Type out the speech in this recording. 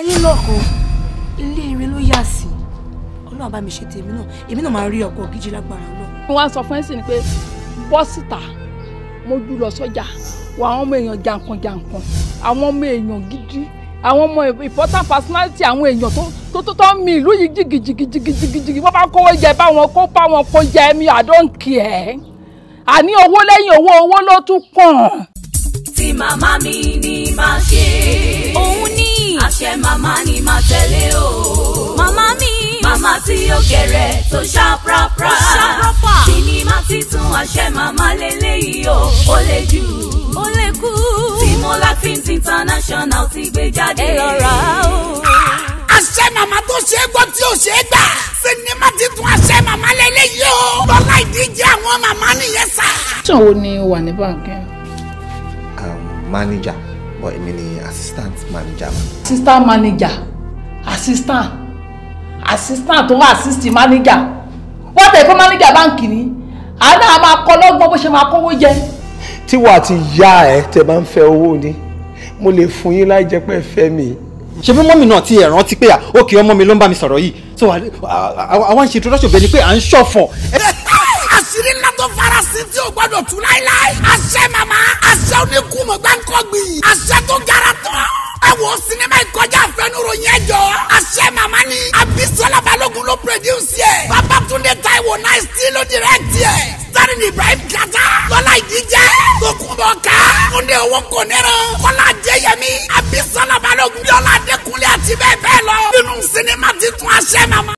ẹ̀yin náà kọ ilé eré ló yà sí ọlọ́run bá mi ṣe tèmi náà èmi náà máa rí ọkọ gidi lágbára náà. wọ́n á sọ fún ẹ̀sìn ni pé bọ́ síta mojú lọ sọ́jà wọ àwọn ọmọ èèyàn jàǹkànjàǹkàn àwọn ọmọ èèyàn gidi àwọn ọmọ important personality àwọn èèyàn tó tó tó ń mi ìlú yìí jìgìjìgìjìgìjìgì wọ́n bá kówó jẹ báwọn kó báwọn kó jẹ mi I don't care àní owó lẹ́yìn owó owó ló tún kàn. ti màmá mi ni. sinimá tí ó kéré tó ṣàprápra sinimá titun àṣẹ màmá lélẹ́yìí o ó lè jù ó lè kú Timolati international ti gbé jáde. ẹ lọ rà o. àṣẹ màmá tó ṣe é gbọ́ tí ò ṣe é gbà sinimá titun àṣẹ màmá lélẹ́yìí o bọ́lá ìdíje àwọn màmá nìyẹn sá. ṣé wo ni wà ní báńkì. Um, manager but èmi assistant manager. assistant manager assistant assistant tó wá assist manager wọ́n tẹ̀ fún manager báǹkì ni àánú àmà kọlọ́gbọ́n bó ṣe máa kówó jẹ. tíwọ́ àti ìyá ẹ tẹ bá ń fẹ́ owó ni mo lè fún yín láì jẹ́ pé ẹ fẹ́ mi. ṣe fún mọ́mì náà ti ẹ̀ rántí pé òkè ọmọ mi ló ń bá mi sọ̀rọ̀ yìí so àwọn ṣe introduction bẹ́ẹ̀ ni pé à ń ṣọ̀fọ̀. àṣírí ńlá tó farasin tí ò gbọ́dọ̀ tú láéláé. àṣẹ màmá àṣẹ oníkùmọ̀ gbáǹkọ́gbìn àṣẹ tó ga Nice Stilo direct yẹ. Starring Ibrahim Jata. Lọ́lá Ìdíje. Tokunbọ̀ ká. Kunde owó kò nírò. Kọ́lá Jẹ́yẹmí. Abisalabalogun. Bíọ́lá Adékúnlé àti bẹ́ẹ̀ bẹ́ẹ̀ lọ. Nínú sinimá titun aṣẹ́ màmá.